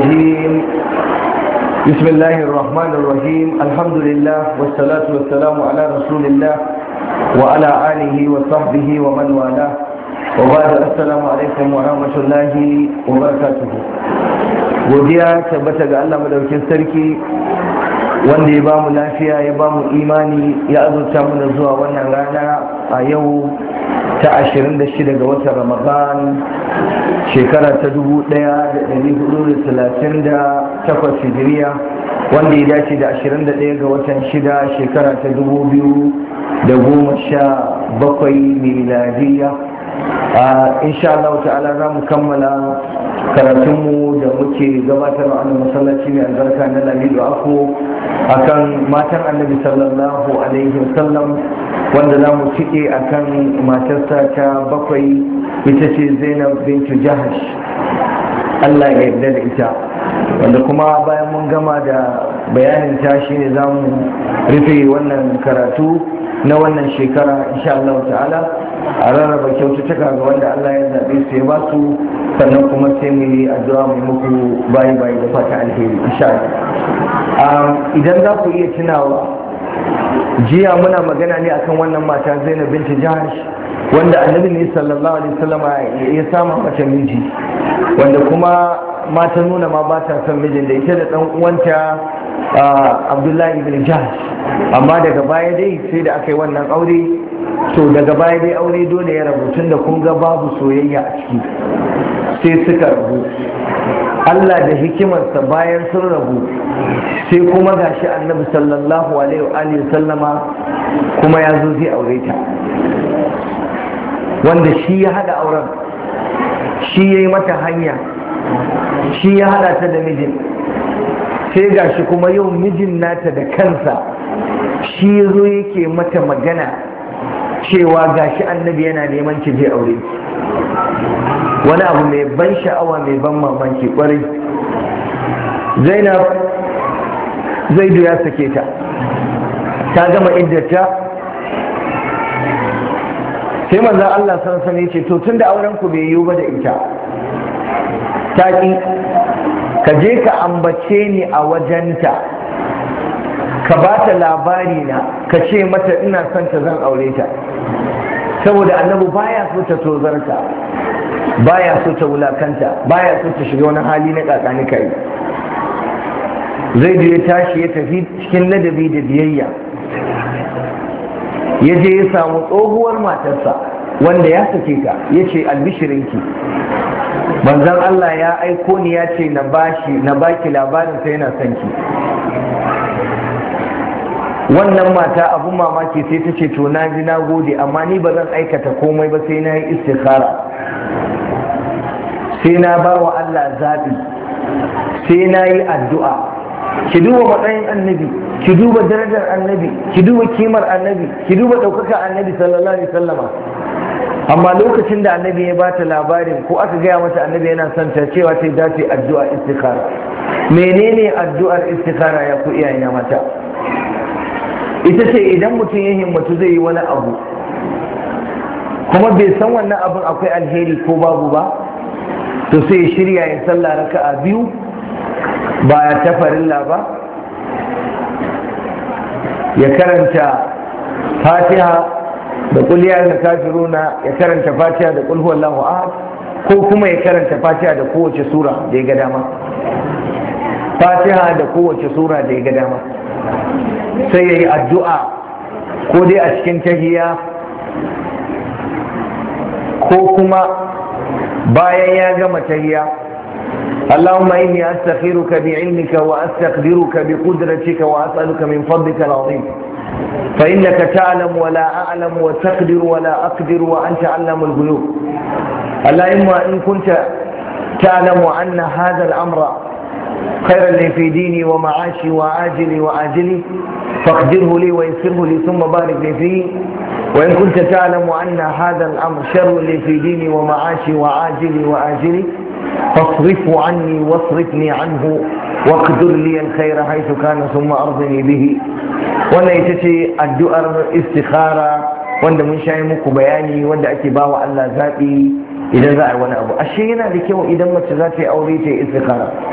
الرجيم بسم الله الرحمن الرحيم الحمد لله والصلاة والسلام على رسول الله وعلى آله وصحبه ومن والاه وبعد السلام عليكم ورحمة الله وبركاته godiya tabbata ga Allah madaukin sarki wanda ya bamu lafiya ya bamu imani ya azurta mu da zuwa wannan rana a yau ta 26 ga watan ramadan shekara ta 1438 hijiriya wanda ya dace da 21 ga watan 6 shekara ta 2017 miladiya insha Allah ta'ala za mu kammala karatunmu da muke gabatar a masallaci mai albarka na lamido ako akan matan annabi sallallahu alaihi wasallam wanda za mu cike a kan matarsa ta bakwai ita ce zainab bintu jahash allah ya yarda da ita wanda kuma bayan mun gama da bayanin ta shi ne za mu rufe wannan karatu na wannan shekara insha Allah ta'ala a rarraba kyaututtuka ga wanda Allah ya zaɓe su ya ba sannan kuma sai mu yi addu'a mai muku bayi bayi da fata alheri insha Allah idan za ku iya tunawa jiya muna magana ne akan wannan mata zainab binti jahash wanda annabi ne sallallahu alaihi wasallam ya sama mata miji wanda kuma mata nuna ma ba ta son mijin da ita da dan uwanta abdullahi ibn jahash amma daga baya dai sai da aka yi wannan aure to daga baya dai aure dole ya rabu tun da kun ga babu soyayya a ciki sai suka rabu Allah da hikimarsa bayan sun rabu sai kuma gashi annabi sallallahu alaihi wa sallama kuma ya zo zai aure ta wanda shi ya hada auren shi ya yi mata hanya shi ya hada ta da mijin sai gashi kuma yau mijin nata da kansa shi ya zo yake mata magana cewa gashi annabi yana neman ki je aure wani abu mai ban sha'awa mai ban mamaki kwarai zainab zaidu ya sake ta ta gama inda ta. sai manzan allah san sani ce to tun da auren ku bai yiwu ba da ita ta ƙi ka je ka ambace ni a wajenta ka ba ta labari na ka ce mata ina son ta zan aure ta saboda annabu baya so ta tozarta baya so ta wulakanta baya so ta shiga wani hali na ni kai zai je tashi ya tafi cikin ladabi da biyayya ya je ya samu tsohuwar matarsa wanda ya sake ta ya ce albishirinki manzan Allah ya aiko ni ya ce na bashi na baki labarin sai yana son ki wannan mata abun mamaki sai ta ce to na ji na gode amma ni ba zan aikata komai ba sai na yi istikhara sai na ba wa Allah zaɓi sai na yi addu'a ki duba matsayin annabi ki duba darajar annabi ki duba kimar annabi ki duba ɗaukaka annabi sallallahu alaihi sallama amma lokacin da annabi ya bata labarin ko aka gaya mata annabi yana son ta cewa sai za ta yi addu'a istikara. menene addu'ar istikara ya ku iyayena mata ita ce idan mutum ya himmatu zai yi wani abu kuma bai san wannan abin akwai alheri ko babu ba to sai ya shirya ya sallah a biyu ba ya tafarilla ba ya karanta fatiha da kulliya da kafiruna ya karanta fatiha da kulhu wallahu ko kuma ya karanta fatiha da kowace sura da ya ga dama fatiha da kowace sura da ya ga dama sai ya yi addu'a ko dai a cikin tahiya ko kuma bayan ya gama tahiya اللهم إني أستخيرك بعلمك وأستقدرك بقدرتك وأسألك من فضلك العظيم فإنك تعلم ولا أعلم وتقدر ولا أقدر وأنت علم الغيوب اللهم إن كنت تعلم أن هذا الأمر خيرا لي في ديني ومعاشي وعاجلي وآجلي فاقدره لي ويسره لي ثم بارك لي فيه وإن كنت تعلم أن هذا الأمر شر لي في ديني ومعاشي وعاجلي وآجلي فاصرفه عني واصرفني عنه واقدر لي الخير حيث كان ثم أرضني به وانا يتشي الدؤر استخارة وانا من mun بياني وانا اتباع وانا ذاتي إذا wa وانا أبو الشيء هنا لكي yi ما abu ashe استخارة